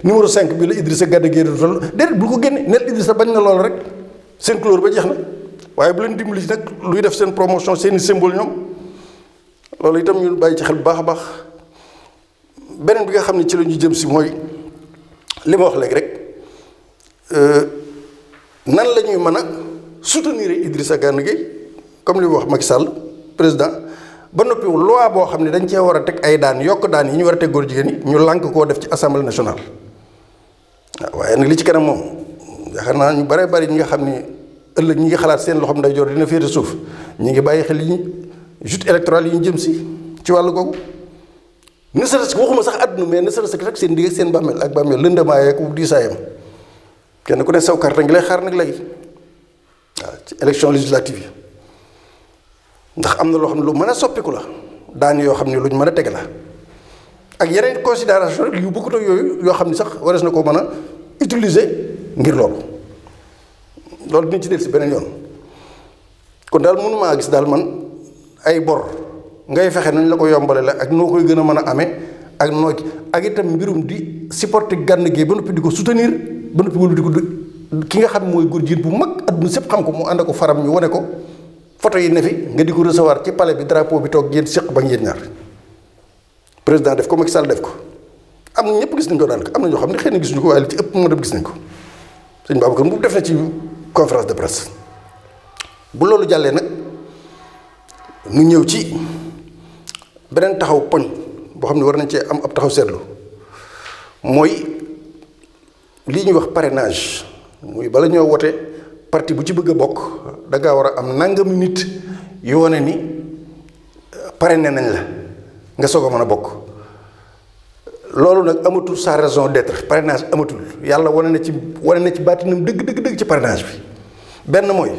numéro 5 bi la Idrissa Gana Gueye di sol déedéet bu ko génne neel sa bañ na loolu rek seen couleur ba jeex na waaye bu leen dimbali nag luy def seen promotion seen i symbole ñoom loolu itam ñu bàyyi ci xel bu baax a baax. beneen bi nga xam ne ci la ñu jëm si mooy li ma wax léegi rek euh, nan la ñuy mën a idris Idrissa Gana Gueye comme li wax Macky Sall président ba noppi loi boo xam ne dañ cee war a teg ay daan yokk daan yi ñu war a teg góor jigéen yi ñu lànk koo def ci assemblée national waaw ah, waaye nag li ci kanam moom yaakaar naa ñu bare bari ñi nga xam ne ëllëg ñi ngi xalaat seen loxom day jor dina féete suuf ñi ngi bàyyi xel yi ñu jute électorale yi ñu jëm si ci wàllu googu ne serait-ce que waxuma sax àdduna mais ne serait-ce que rek seen digg ak seen bàmmeel ak bàmmeel lëndamaayee ko diisaayam kenn ku ne saw carte ngi lay xaar nag léegi ci élection législative yi ndax am na loo xam ne lu mën a soppiku la daan yoo xam ne luñ mën a teg la ak yeneen considération rek yu bokkut yooyu yoo xam ne sax warees na ko mën a utiliser ngir loolu loolu dinañ ci def si beneen yoon kon daal mënumaa gis daal man ay bor ngay fexe nañ la ko yombale la ak noo koy gën a mën a amee ak noo ak itam mbirum di supporter gànn gi ba noppi di ko soutenir ba noppi di ko ki nga xam mooy góor jigéen bu mag adduna sépp xam ko mu ànd ko faram ñu wane ko photo yi ne fi nga di ko recevoir ci palais bi drapeau bi toog yéen séq ba ngeen ñaar président def ko Macky Sall def ko am na ñëpp gis nañ ko daal am na ñoo xam ne xëy na gisuñu ko waaye li ci ëpp moo dem gis nañ ko sëñ Babacar mu def na de presse loolu jàllee nag mu ñëw ci. beneen taxaw poñ boo xam ne war nañ cee am ab taxaw seetlu mooy lii ñuy wax parrainage muy bala ñoo wote parti bu ci bëgg a bokk da war a am nangam nit yoone ni euh, parrainé nañ la nga soog a mën a bokk loolu nag amatul sa raison d'être parrainage amatul yàlla wane na ci wane na ci baatinam dëgg dëgg dëgg ci parrainage bi benn mooy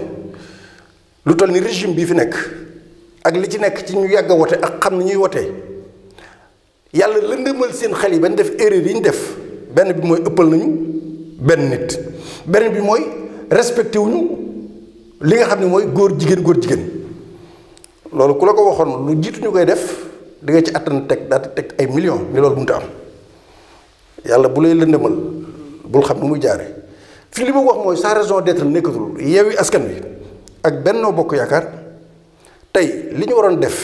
lu toll ni régime bii fi nekk ak li ci nekk ci ñu yàgg a ak xam na ñuy wotee yàlla lëndëmal seen xel yi bañ def erreur yi ñu def benn bi mooy ëppal nañu benn nit benn bi mooy respecté wuñu li nga xam ne mooy góor jigéen góor jigéen loolu ku la ko waxoon lu jiitu ñu koy def di ci attan teg daal teg ay millions ni loolu mënut a am yàlla bu lay lëndëmal bul xam nu muy jaare fii li mu wax mooy sa raison d'être nekkatul yeewi askan wi ak Benno Bokk Yaakaar. tey li ñu waroon def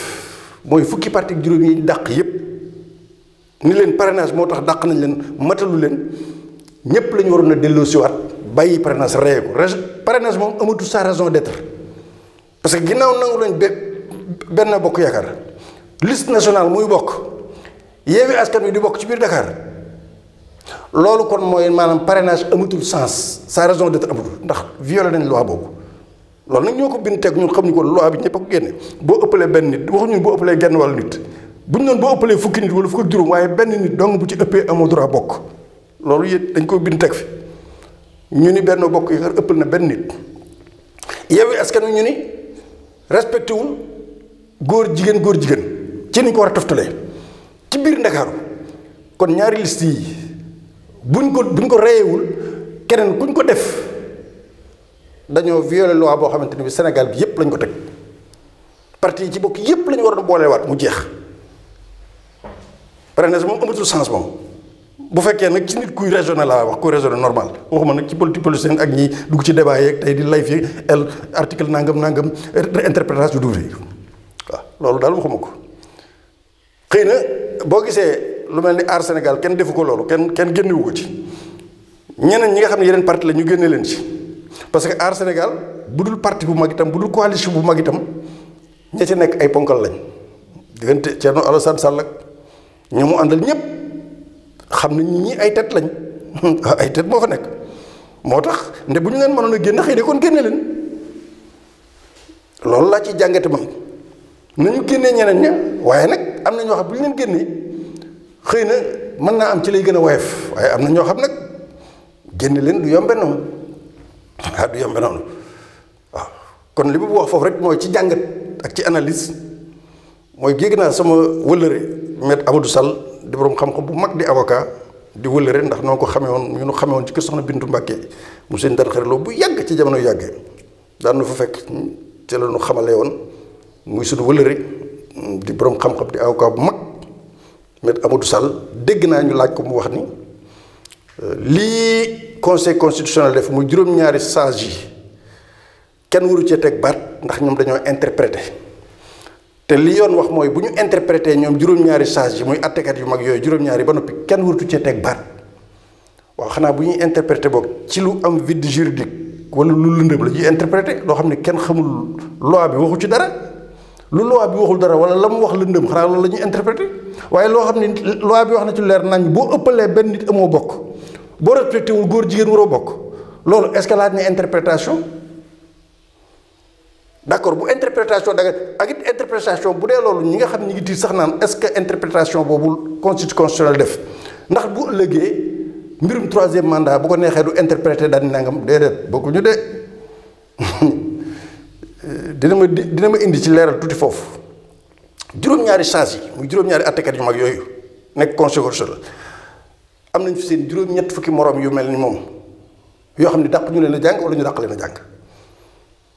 mooy fukki parti ak juróom yi ñu dàq yépp ni leen parenage moo tax daq nañ leen matalu leen ñépp la ñu waroon a delloosiwaat bàyyi parrainage reye ko parrainage moom amatu sa raison d'être parce que ginnaaw nangu lañ benn bokk yaakaar list nationale muy bokk yeewi askan wi di bokk ci biir Dakar loolu kon mooy maanaam parrainage amatul sens sa raison d'être amatul ndax violé nañ loi boobu loolu nag ñoo ko bind teg ñun xam ñu ko loi bi ñëpp a ko génne boo ëppalee benn nit waxuñu boo ëppalee genn wàllu nit buñ noonu boo ëppalee fukki nit wala fukk ak juróom waaye benn nit dong bu ci ëppee amoo droit bokk loolu yëpp dañ ko bind teg fi ñu ni benn bokk yi ëppal na benn nit Yewwi Askan ñu ni respecté wul góor jigéen góor jigéen ci niñ ko war a toftalee ci biir Ndakaaru kon ñaari liste yi buñ ko buñ ko reyewul keneen kuñ ko def dañoo violé loi boo xamante ni bi Sénégal bi yépp lañ ko teg parti yi ci bokk yépp lañu waroon waat mu jeex parrainage moom amatul sens moom bu fekkee nag ci nit kuy raisonné laa wax kuy raisonné normal waxuma nag ci politique politicien ak ñi dugg ci débat yeeg tey di lay fi el article nangam nangam interprétation du double waaw loolu daal waxuma ko xëy na boo gisee lu mel ni aar Sénégal kenn defu ko loolu kenn kenn génnewu ko ci ñeneen ñi nga xam ne yeneen parti la ñu génne leen ci. parce que aar Sénégal bu dul parti bu mag itam bu dul coalition bu mag itam ña ca nekk ay ponkal lañ diggante Thierno Alassane Sall nag ñoomu mu àndal ñëpp xam nañ ñi ay tet lañ ay tet moo fa nekk moo tax nde bu ñu leen mënoon a génn xëy na kon génne leen loolu laa ci jàngate man nañu génnee ñeneen ña waaye nag am na ñoo xam bu ñu leen génnee xëy na mën naa am ci lay gën a woyof waaye am na ñoo xam nag génne leen du yombe noonu ah du yombe noonu waaw kon li mu wax foofu rek mooy ci jàngat ak ci analyse mooy géeg naa sama wëllëre maître Amadou sal di borom xam-xam bu mag di avocat di wëllëre ndax noo ko xamee woon ñu nu xamee woon ci kër soxna Bintu Mbàkke mu seen dara xaraloo bu yàgg ci jamono yàggee daan na fa fekk ci la ñu xamalee woon muy suñu wëllëre di borom xam-xam di avocat bu mag maître Amadou sal dégg naa ñu laaj ko mu wax ni lii. conseil constitutionnel def mu juróom-ñaari change yi kenn waru cee teg baat ndax ñoom dañoo interpréter te li yoon wax mooy bu ñu interpréter ñoom juróom-ñaari change yi muy attekat yu mag yooyu juróom-ñaari ba noppi kenn waratu cee teg baat waaw xanaa bu ñuy interpréter boobu ci lu am vide juridique wala lu lëndëm la ñuy interpréter loo xam ne kenn xamul loi bi waxu ci dara lu loi bi waxul dara wala la mu wax lëndëm xanaa loolu la ñuy interpréter waaye loo xam ne loi bi wax na ci leer nañ boo ëppalee benn nit amoo bokk. boo respecté wul góor jigéen waroo bokk loolu est-ce que laaj na interprétation d'accord bu interprétation da ak it interprétation bu dee loolu ñi nga xam ñi ngi tiit sax naan est-ce que interprétation boobu constitution constitutionnel def ndax bu ëllëgee mbirum troisième mandat bu ko neexee du interprété daal di nangam déedéet bokku ñu de dina ma dina ma indi ci leeral tuuti foofu juróom-ñaari change yi muy juróom-ñaari attekat yu mag yooyu nekk constitution am nañ fi seen juróom-ñett fukki moroom yu mel ni moom yoo xam ne dàq ñu leen a jàng wala ñu dàq leen a jàng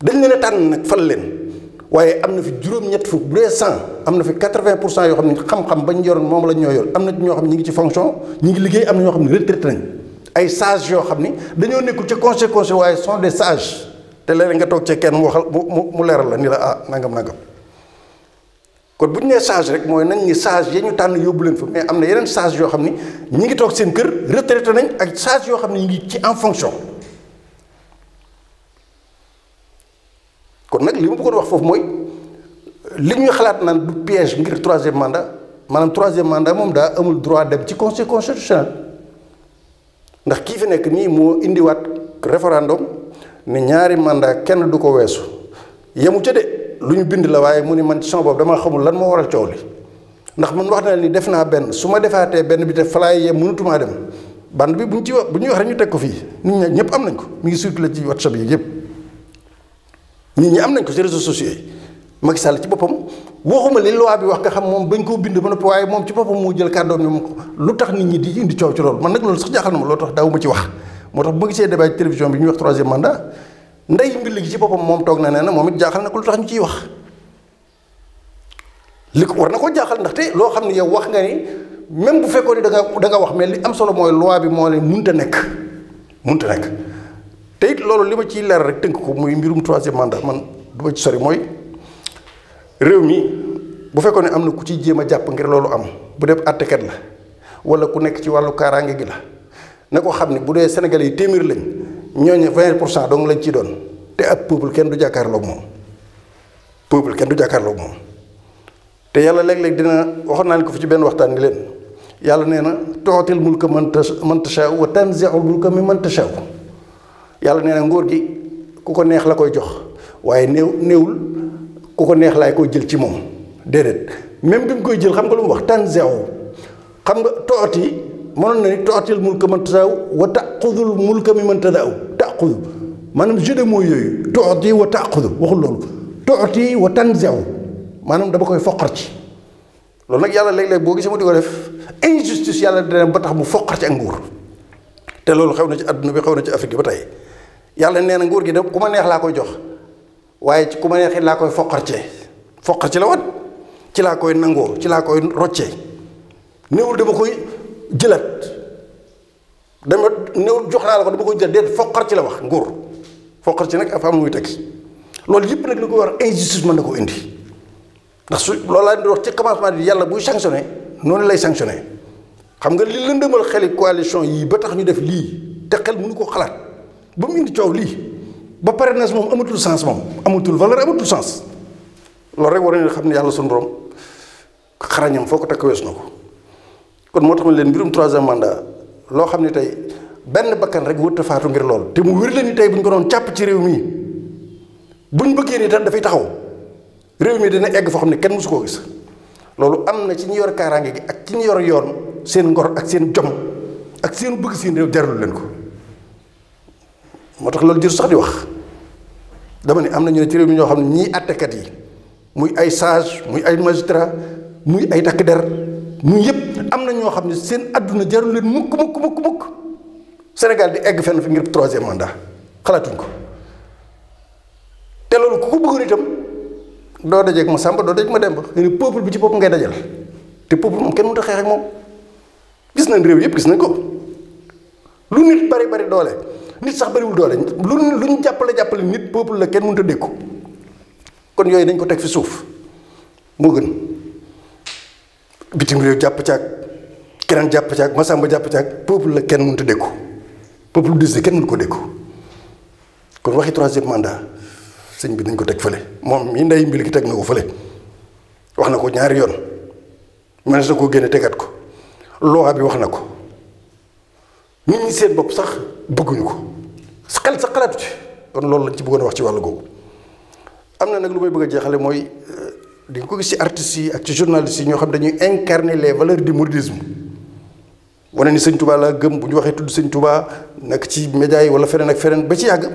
dañ leen a tànn nag fal leen waaye am na fi juróom-ñett fukk bu dee cent am na fi quatre-vingt pour cent yoo xam ne xam-xam bañ yoroon moom la ñoo yor am na ñoo xam ne ñu ngi ci fonction ñu ngi liggéey am na ñoo xam ne retraité nañ ay sages yoo xam ni dañoo nekkul ci conséquence waaye sont des sages te léeg nga toog cee kenn mu waxal mu mu leeral la ni la ah nangam nangam. kon bu ñu nee sage rek mooy nañ ni sage ya ñu tànn yóbbu leen fa mais am na yeneen sage yoo xam ne ñi ngi toog seen kër retraité nañ ak sage yoo xam ne ñu ngi ci en fonction kon nag li ma bëggoon wax foofu mooy li ñuy xalaat naan du piège ngir troisième mandat maanaam troisième mandat moom daa amul droit dem ci conseil constitutionnel ndax kii fi nekk nii moo indiwaat référendum ne ñaari mandat kenn du ko weesu yemu ca de lu ñu bind la waaye mu ni man ci sama bopp damaa xamul lan moo waral coow li ndax man wax na ni def naa benn su ma defaatee benn bi te falaay yem mënatumaa dem band bi bu ñu ci wax bu ñuy wax rek ñu teg ko fii nit ñi ñëpp am nañ ko mi ngi circulé ci whatsapp yi yëpp nit ñi am nañ ko ci réseaux sociaux yi Macky la ci boppam waxuma li loi bi wax nga xam moom bañ koo bind ba noppi waaye moom ci boppam moo jël kàddoom ni lu tax nit ñi di indi coow ci loolu man nag loolu sax jaaxal na ma loo tax daawuma ci wax moo tax bu ma gisee débat ci bi ñuy wax troisième mandat ndey mbill gi ci boppam moom toog na nee na moom it jaaxal na ko lu tax ñu ciy wax li ko war na ko jaaxal ndaxte loo xam ne yow wax nga ni même bu fekkoon ni danga nga da wax mais li am solo mooy loi bi moo leen munta nekk munta nekk te loolu li ma ciy leer rek tënk ko muy mbirum troisième mandat man du ma ci sori mooy réew mi bu fekkoon ne am na ku ciy jéem a jàpp ngir loolu am bu dee àttekat la wala ku nekk ci wàllu kaaraange gi la na ko xam ne bu dee senegal yi téeméer lañ. ñooñu vingt pour cent dong lañ ci doon te ab peuple kenn du jàkkaarloog moom peuple kenn du jàkkaarloog moom te yàlla léeg-léeg dina waxoon naa leen ko fi ci benn waxtaan ni leen yàlla nee na tootil mulka man tashaa'u wa ko mulka mënta tashaa'u yàlla nee na nguur gi ku ko neex la koy jox waaye néew néewul ku ko neex laay koy jël ci moom déedéet même bi mu koy jël xam nga lu mu wax tanzi'u xam nga tooti mënoon na ni tootil mulka man tasaaw wa taqudul mulka mi man tasaaw taqudu maanaam jeu de mots yooyu tooti wa taqudu waxul loolu tooti wa tan tanzew maanaam dama koy foqar ci loolu nag yàlla léeg-léeg boo gisee ma di ko def injustice yàlla dana ba tax mu foqar ci ak nguur te loolu xew na ci àdduna bi xew na ci Afrique ba tey yàlla nee na nguur gi de ku ma neex laa koy jox waaye ci ku ma neex laa koy foqarce foqarce la wat ci laa koy nangoo ci laa koy rocce néewul dama jëlaat dama néew jox naa la ko dama koy jël déet foqar ci la wax nguur foqar ci nag dafa am muy teg loolu yëpp nag li koy war a injustice mën na ko indi ndax su loolu laa di wax ci bi yàlla buy sanctionné noonu lay sanctionné xam nga li lëndëmal xeli coalition yii ba tax ñu def lii te xel mënu ko xalaat ba mu indi coow lii ba pare nas moom amatul sens moom amatul valeur amatul sens loolu rek war nañu xam ne yàlla suñu borom xarañam foo ko takk wees na ko. kon moo tax ma leen mbirum troisième mandat loo xam ne tey benn bakkan rek wërta faatu ngir lool te mu wér leen ni tey bu ñu ko doon càpp ci réew mi buñ bëggee ni tam dafay taxaw réew mi dina egg foo xam ne kenn mosu koo gis loolu am na ci ñu yor kaaraange gi ak ci ñu yor yoon seen ngor ak seen jom ak seen bëgg seen réew jarul leen ko moo tax loolu jëru sax di wax dama ne am na ñu ne ci réew mi ñoo xam ne ñii àttekat yi muy ay sage muy ay magistrat muy ay takk der yëpp am na ñoo xam ne seen àdduna jarul leen mukk mukk mukk mukk Sénégal di egg fenn fi ngir troisième mandat xalaatuñ ko te loolu ko ko bëggoon itam doo dajeeg ma Samba doo dajeeg ma dem nga ne peuple bi ci bopp ngay dajal te peuple kenn mënut a xeex moom gis nañ réew yëpp gis nañ ko lu nit bari bari doole nit sax bariwul doole lu lu ñu jàppale jàppale nit peuple la kenn mënut a dékku kon yooyu dañ ko teg fi suuf moo gën bitim réew jàpp caag. keneen jàpp ci ak Masamba jàpp ci ak peuple la kenn mënut a dékku peuple du kenn mënu ko dékku kon waxi troisième mandat sëñ bi dañ ko teg fële moom mii nday mbili ki teg na ko fële wax na ko ñaari yoon mënees na koo génne tegaat ko loi bi wax na ko nit ñi seen bopp sax bëgguñu ko sa xel sa xalaatu ci kon loolu lañ ci bëggoon wax ci wàllu googu am na nag lu may bëgg a jeexale mooy euh, di nga ko gis ci artistes yi ak ci journalistes yi ñoo xam dañuy incarner les valeurs du wane ni sëñ Touba laa gëm bu ñu waxee tudd sëñ Touba nekk ci média yi wala feneen ak feneen ba ci yàgg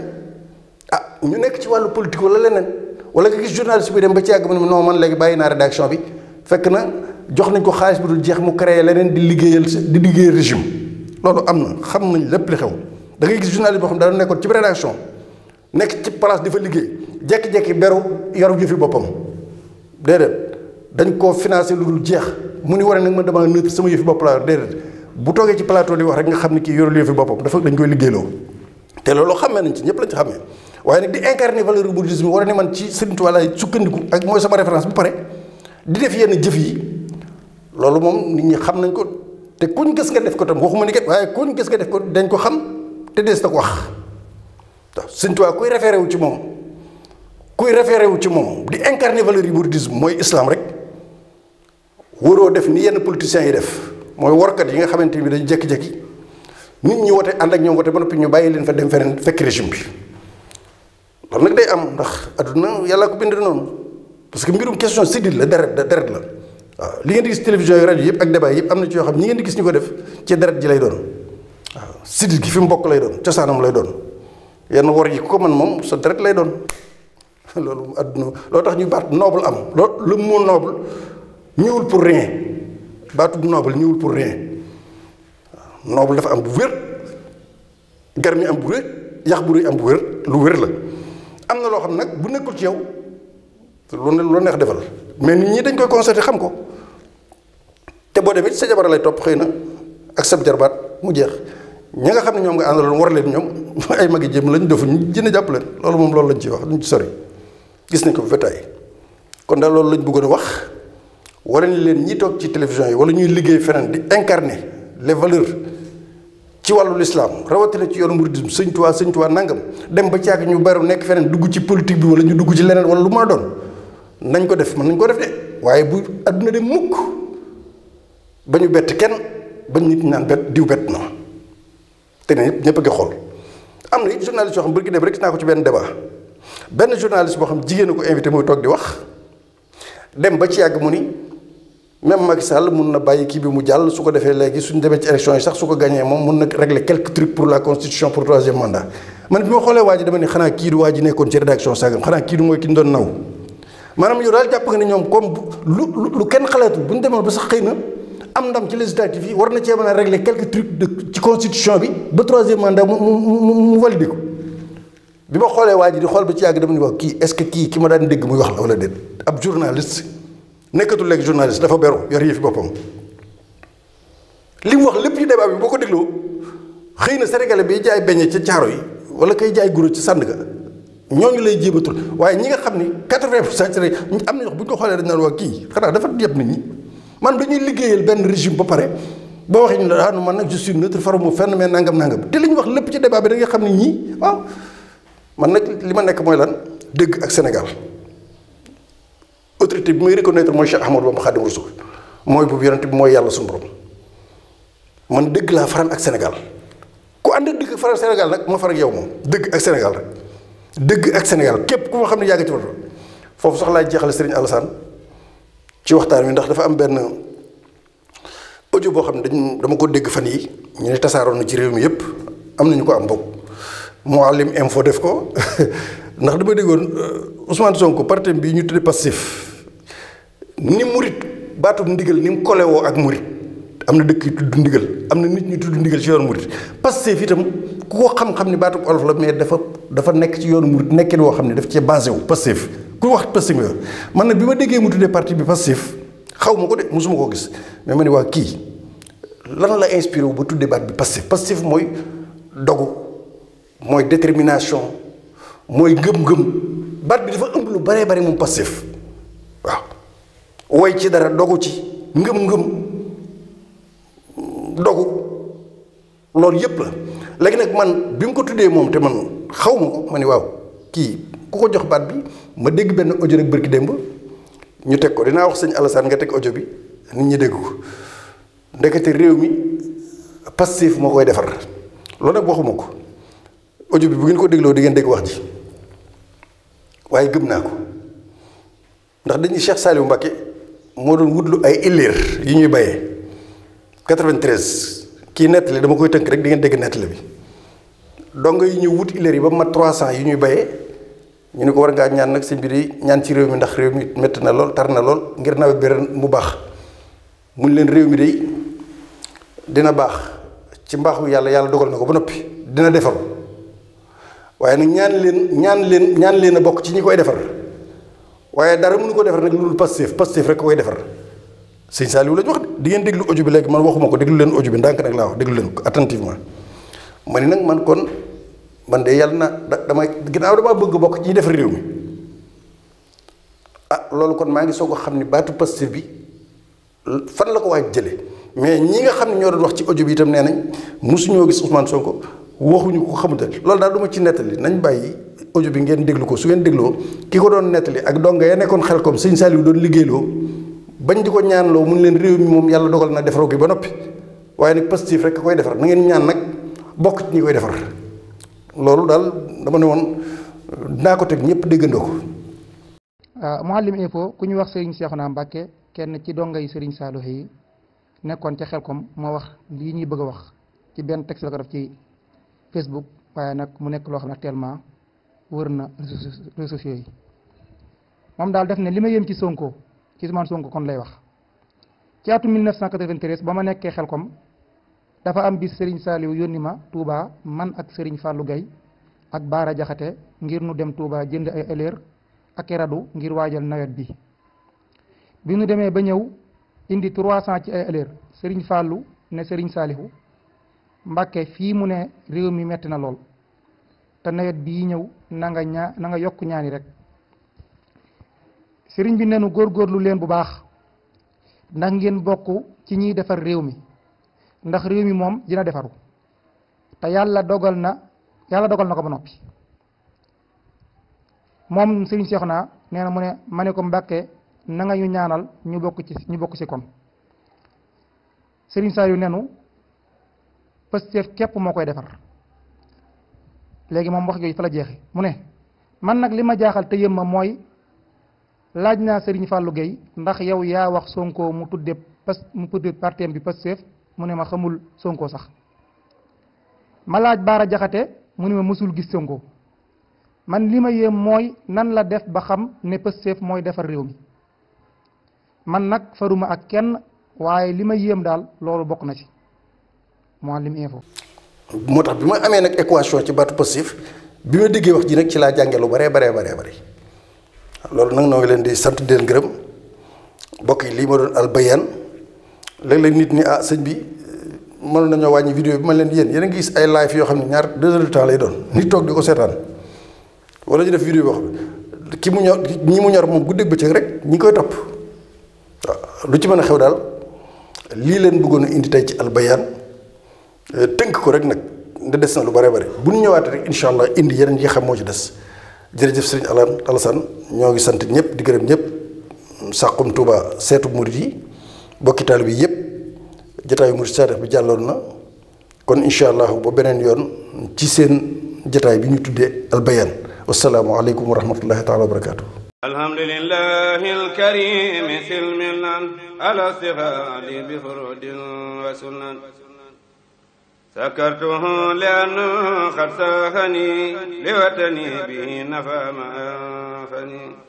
ah ñu nekk ci wàllu politique wala leneen wala nga gis journaliste bi dem ba ci yàgg mu ne non man léegi bàyyi naa rédaction bi fekk na jox nañ ko xaalis bu dul jeex mu créé leneen di liggéeyal di liggéey régime loolu am na xam nañ lépp li xew da ngay gis journaliste boo xam nekkoon ci rédaction nekk ci place di fa liggéey jékki-jékki beru yaru jëfi boppam déedéet dañ koo financé lu dul jeex mu ni war nag man dama neutre sama yëfi bopp laa déedéet bu toogee ci plateau di wax rek nga xam ne kii yorul fi boppam dafa dañ koy liggéeyloo te looloo xamee nañ ci ñëpp lañ ci xamee waaye nag di incarner valeur mouridisme war ne man ci Serigne Touba laay sukkandiku ak mooy sama référence bu pare di def yenn jëf yi loolu moom nit ñi xam nañ ko te kuñ gis nga def ko tam waxuma ni kat waaye kuñ gis nga def ko dañ ko xam te dees na ko wax waaw Serigne Touba kuy référé ci moom kuy référé wu ci moom di incarner valeur mouridisme mooy islam rek waroo def ni yenn politiciens yi def. mooy workat yi nga xamante ni dañu jékki-jékki nit ñi wote ànd ak ñoom wote ba noppi ñu bàyyi leen fa dem feneen fekk régime bi loolu nag day am ndax adduna yàlla ko bind noonu parce que mbirum question sidil la deret la deret la waaw li ngeen di gis télévision yi rajo yëpp ak débat yëpp am na ci yoo xam ñi ngeen di gis ñu ko def ci deret ji lay doon waaw sidil gi fi mu bokk lay doon cosaanam lay doon yenn wor yi ko man moom sa deret lay doon loolu adduna loo tax ñu baat noble am loo lu mu noble ñëwul pour rien baatu noble ñëwul pour rien waaw noble dafa am bu wér gar am bu wér yax bu rëy am bu lu wér la am na loo xam nag bu nekkul ci yow lu neex defal mais nit ñi dañ koy constaté xam ko te boo demee sa jabar lay topp xëy na ak sab jarbaat mu jeex ñi nga xam ne ñoom nga àndaloon war leen ñoom ay magi jëm lañ defu ñu jënd jàpp leen loolu moom loolu lañ ci wax duñ ci sori gis nañ ko bu fetaay kon daal loolu lañ buggoon a wax wala ni leen ñi toog ci télévision yi wala ñuy liggéey feneen di incarner les valeurs ci wàllu lislaam rawatina ci yoonu muridisme sëñ sëñtuwaa sëñ nangam dem ba ci caag ñu bari nekk feneen dugg ci politique bi wala ñu dugg ci leneen wala lu ma doon nañ ko def mën nañ ko def de waaye bu adduna de mukk ba ñu bett kenn ba nit ñi naan bett diw bett na te ne ñëpp a ngi xool am na it journaliste xam bërki dem rek gis naa ko ci benn débat benn journaliste boo xam jigéen a ko invité muy toog di wax dem ba ci yàgg mu ni même Macky Sall mun na bàyyi kii bi mu jàll su ko defee léegi suñ demee ci élection yi sax su ko gagné moom mun na régler quelques trucs pour la constitution pour troisième mandat man bi ma xoolee waa ji dama ne xanaa kii du waa ji nekkoon ci rédaction sagam xanaa kii du mooy ki doon naw maanaam yow daal jàpp nga ne ñoom comme lu lu kenn xalaatul bu ñu demoon ba sax xëy na am ndam ci législative yi war na cee mën a régler quelques trucs de ci constitution bi ba troisième mandat mu mu mu mu validé ko waa ji di xool ba ci yàgg dama ne waaw kii est ce que ki ma daan dégg muy wax la wala déet ab nekkatul léegi journaliste dafa beru yor yëfi boppam li mu wax lépp ci débat bi boo ko dégloo xëy na sénégalais bi jaay beñe ci caaro yi wala kay jaay guro ci sànd ga ngi lay jébatul waaye ñi nga xam ni quatre-vingt pour cent am na ñoo bu ko xoolee dañ naan waa kii xanaa dafa yeb nit ñi man dañuy liggéeyal benn régime ba pare boo waxee ñu ne ah man nag je suis neutre farumu fenn mais nangam nangam te li ñu wax lépp ci débat bi da nga xam ni ñii waaw ah, man nag li ma nekk mooy lan dégg ak Sénégal. autorité bi muy reconnaître mooy Cheikh Ahmadou Bamba Khadimu Rasul mooy bu yonent bi mooy yàlla suñu borom man dëgg laa faral ak Sénégal ku ànd dëgg faral Sénégal nag ma faral ak yow moom dëgg ak Sénégal rek dëgg ak Sénégal képp ku ma xam ne yàgg ci wàllu foofu sax laay jeexale Serigne Alassane ci waxtaan wi ndax dafa am benn audio boo xam ne dañ dama ko dégg fan yi ñu ne tasaaroon na ci réew mi yëpp am nañu ko am boog Mouhalim info def ko. ndax dama déggoon euh, Ousmane Sonko parti bi ñu tuddee passif ni murit baatum ndigal ni mu kolewoo ak murit am na dëkk yu tudd ndigal am na nit ñu tudd ndigal ci yoonu murit Pastef itam ku ko xam-xam ni baatub olof la mais dafa dafa nekk ci yoonu murit nekkin woo xam ne daf cee basé wu Pastef ku wax Pastef nga man na bi ma déggee mu tuddee parti bi Pastef xaw ma ko de mosuma koo gis mais ma ne waa kii lan la inspiré wu ba tuddee baat bi Pastef Pastef mooy dogu mooy détermination mooy ngëm-ngëm baat bi dafa ëmb lu baree bari moom Pastef waaw woy ci dara dogu ci ngëm-ngëm dogu loolu yëpp la léegi nag man bi mu ko tuddee moom te man xaw ma ko ma ni waaw kii ku ko jox baat bi ma dégg benn ojo rek bërki démb ñu teg ko danaa wax sëñ Alassane nga teg audio bi nit ñi dégg ko ndekete réew mi Pastef moo koy defar loolu nag waxuma ko ojo bi bu ngeen ko dégloo di ngeen dégg wax ji waaye gëm naa ko ndax dañuy Cheikh Saliou Mbacké moo doon wutlu ay illiir yu ñuy bayee 93 kii nettali dama koy tënk rek di ngeen dégg nettali bi dong yi ñuy wut illiir yi ba mat 300 yi ñuy bayee ñu ne ko war ngaa ñaan nag si mbir ñaan ci réew mi ndax réew mi métti na lool tar na lool ngir nawet bi ren mu baax mun leen réew mi de dina baax ci mbaaxu yàlla yàlla dogal na ko ba noppi dina defaru waaye nag ñaan leen ñaan leen ñaan leen a bokk ci ñi koy defar waaye dara mënu ko defar nag loolu Pastef Pastef rek koy defar sëñ Saliou la ñu wax di ngeen déglu ojo bi léegi man waxuma ko déglu leen audio bi ndànk nag laa wax déglu leen attentivement ma ni nag man kon man de yàlla na da dama ginnaaw damaa bëgg bokk ci ñi defar réew mi ah loolu kon maa ngi soog a xam ni baatu Pastef bi fan la ko waaj jëlee mais ñi nga xam ne ñoo doon wax ci audio bi itam nee nañ mosuñoo gis Ousmane Sonko waxuñu ko xamante loolu daal du ma ci nettali nañ bàyyi ojo bi ngeen déglu ko su ngeen dégloo ki ko doon nettali ak donga ya nekkoon xel comme sëñ Saliou doon liggéeyloo bañ di ko ñaanloo mun leen réew mi moom yàlla dogal na defaroo gi ba noppi waaye nag positif rek koy defar na ñaan nag bokk ci ñi koy defar loolu daal dama ne woon dinaa ko teg ñëpp déggandoo ko. Ah, Mouhalim Info ku ñu wax Serigne Cheikhouna Mbacké kenn ci donga yi Serigne Saliou yi nekkoon ca xel kom moo wax lii ñuy bëgg a wax ci benn texte la ko def ci. Facebook waaye nag mu nekk loo xam ne actuellement wër na réseaux sociaux yi moom daal def ne li ma yéem ci Sonko ci Ousmane Sonko kon lay wax ci atum 1993 ba ma nekkee xel Xelkom dafa am bis sëriñ Saliou yónni ma Touba man ak sëriñ Fallou Gueye ak Baara Jaxate ngir nu dem Touba jënd ay ëllëg ak radu ngir waajal nawet bi bi nu demee ba ñëw indi 300 ci ay ëllëg Serigne Fallou ne Serigne Saliou Mbàkke fii mu ne réew mi metti na lool te nawet bi ñëw nanga nga ñaa na yokk ñaani rek sëriñ bi nenu góorlu leen bu baax ndax ngeen bokk ci ñiy defar réew mi ndax réew mi moom dina defaru te yàlla dogal na yàlla dogal na ko ba noppi moom sëriñ Seexuna nee na mu ne ma ne ko Mbàkke na ñu ñaanal ñu bokk ci ñu bokk ci kon sëriñ yu nenu Pastef képp moo koy defar léegi moom wax jooju fa la jeexe mu ne man nag li ma jaaxal te yëm ma mooy laaj naa Serigne Fallou Gueye ndax yow yaa wax Sonko mu tudde pas mu tudde partem bi Pastef mu ne ma xamul Sonko sax ma laaj Baara Jaxate mu ne ma mësul gis Sonko man li ma yéem mooy nan la def ba xam ne Pastef mooy defar réew mi man nag faruma ak kenn waaye li ma yéem daal loolu bokk na ci Mouhalim Info. moo tax bi ma amee nag équation ci baatu positif bi ma déggee wax ji nag ci laa jànge lu bare bare bare bare loolu nag noo ngi leen di sant di leen gërëm yi lii ma doon al bayaan léeg-léeg nit ñi ah sëñ bi euh, mën nañoo wàññi vidéo bi ma leen yéen yéen a gis ay live yoo xam ne ñaar deux heures de temps lay doon nit toog di ko seetaan wala ñu def vidéo boo xam ki mu ñor ñi mu ñor moom guddeeg bëccëg rek ñi koy topp waaw lu ci mën a xew daal lii leen bëggoon a indi ci al tënk ko rek nag nda des na lu bare bare bu ñu ñëwaatee rek incha allah indi yeneen yi xam moo ci des jërëjëf sëriñ Alan Alassane ñoo ngi sant ñëpp di gërëm ñëpp Saxum Touba seetu murit yi bokki taalibe yëpp jataayu murit saadix bi jàlloon na kon incha allah ba beneen yoon seen jataay bi ñu tuddee albayaan wassalaamu aleykum wa rahmatullahi wa barakaatu سكرته لأنه قد ساخني لوتني به نفى ما أنفني